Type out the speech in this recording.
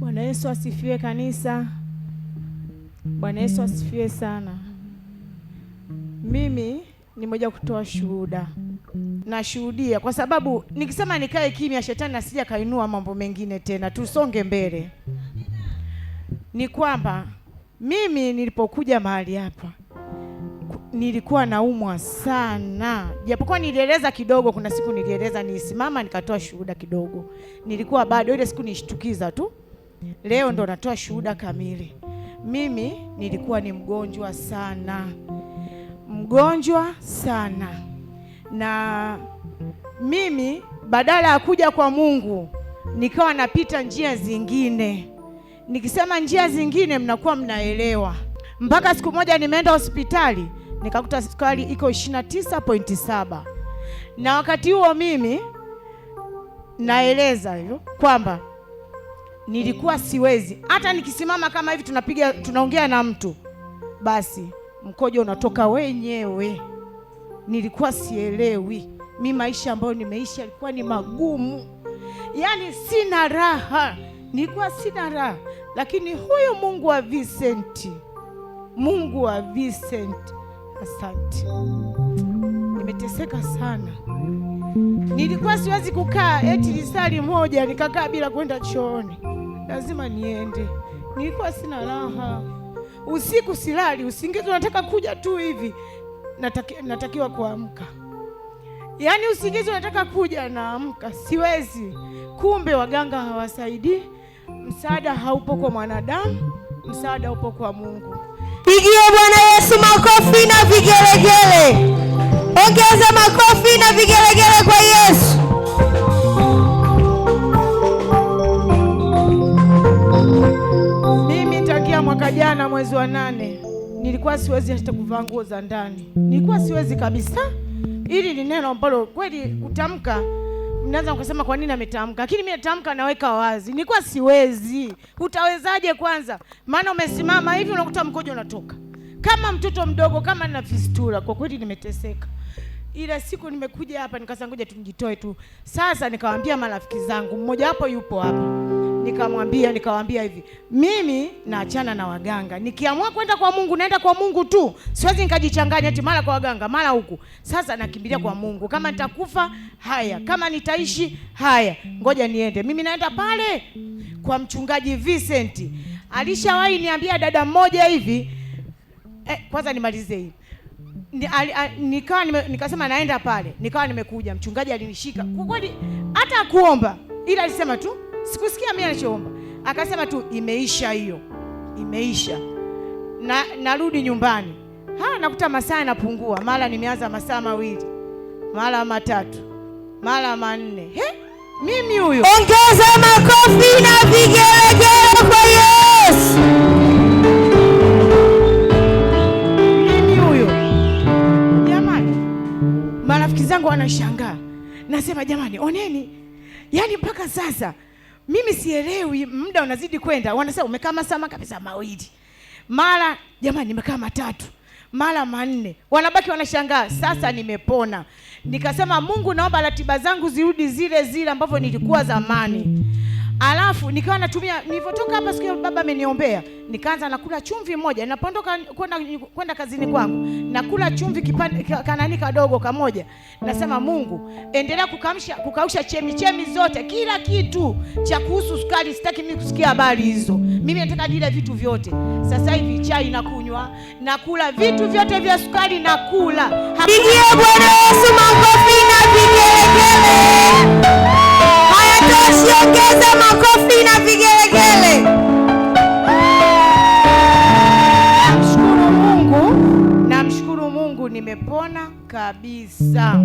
Bwana Yesu asifiwe kanisa. Bwana Yesu asifiwe sana. Mimi ni moja kutoa shuhuda, nashuhudia kwa sababu nikisema nikae kimya, shetani asija kainua mambo mengine tena. Tusonge mbele. Ni kwamba mimi nilipokuja mahali hapa nilikuwa naumwa sana, japokuwa nilieleza kidogo. Kuna siku nilieleza, nilisimama nikatoa shuhuda kidogo, nilikuwa bado ile siku nishtukiza tu Leo ndo natoa shuhuda kamili. Mimi nilikuwa ni mgonjwa sana, mgonjwa sana, na mimi badala ya kuja kwa Mungu nikawa napita njia zingine. Nikisema njia zingine, mnakuwa mnaelewa. Mpaka siku moja nimeenda hospitali nikakuta sukari iko 29.7 na wakati huo mimi naeleza hivyo kwamba nilikuwa siwezi hata nikisimama kama hivi, tunapiga tunaongea na mtu, basi mkojo unatoka wenyewe. Nilikuwa sielewi mi, maisha ambayo nimeisha yalikuwa ni magumu, yaani sina raha, nilikuwa sina raha. Lakini huyu Mungu wa Vincent, Mungu wa Vincent, asante. Nimeteseka sana, nilikuwa siwezi kukaa eti lisali moja nikakaa bila kwenda chooni lazima niende. Nilikuwa sina raha, usiku silali, usingizi unataka kuja tu hivi, nataki, natakiwa kuamka, yaani usingizi unataka kuja, naamka siwezi. Kumbe waganga hawasaidii, msaada haupo kwa mwanadamu, msaada upo kwa Mungu. Pigie Bwana Yesu makofi na vigelegele, ongeza makofi na vigelegele kwa Yesu. wa nane nilikuwa siwezi hata kuvaa nguo za ndani, nilikuwa siwezi kabisa. Hili ni neno ambalo kweli kutamka mnaanza mkasema kwa nini ametamka, lakini mimi natamka, naweka wazi, nilikuwa siwezi. Utawezaje kwanza? Maana umesimama hivi unakuta mkojo unatoka kama mtoto mdogo, kama na fistula. Kwa kweli nimeteseka. Ila siku nimekuja hapa nikasema ngoja tumjitoe tu. Sasa nikawaambia marafiki zangu, mmoja wapo yupo hapa nikamwambia nikawaambia hivi, mimi naachana na waganga, nikiamua kwenda kwa Mungu naenda kwa Mungu tu, siwezi nikajichanganya ati mara kwa waganga mara huku. Sasa nakimbilia kwa Mungu, kama nitakufa haya, kama nitaishi haya, ngoja niende mimi. Naenda pale kwa mchungaji Vincent, alishawahi niambia dada mmoja hivi eh, kwanza nimalize hii nikawa nikasema naenda pale, nikawa nimekuja, mchungaji alinishika kwa kweli, hata kuomba ila alisema tu Sikusikia mimi alichoomba, akasema tu imeisha hiyo, imeisha na narudi nyumbani. Ha, nakuta masaa yanapungua, mara nimeanza masaa mawili, mara matatu, mara manne. He, mimi huyo. Ongeza makofi na vigelegele kwa Yesu. Mimi huyo jamani, marafiki zangu wanashangaa, nasema jamani, oneni, yaani mpaka sasa mimi sielewi, muda unazidi kwenda, wanasema umekaa masaa kabisa mawili, mara jamani, nimekaa matatu mara manne, wanabaki wanashangaa, sasa nimepona. Nikasema Mungu, naomba ratiba zangu zirudi zile zile ambavyo nilikuwa zamani. Alafu nikiwa natumia nilivyotoka hapa siku baba ameniombea, nikaanza nakula chumvi moja. Ninapoondoka kwenda kwenda kazini kwangu, nakula chumvi kipande kanani kadogo kamoja. Nasema Mungu, endelea kukamsha kukausha chemi chemi zote, kila kitu cha kuhusu sukari. Sitaki mimi kusikia habari hizo, mimi nataka nile vitu vyote. Sasa hivi chai nakunywa, nakula vitu vyote vya sukari, nakula. Pigie Bwana ongeza makofi na vigelegele. Namshukuru Mungu, namshukuru Mungu, nimepona kabisa.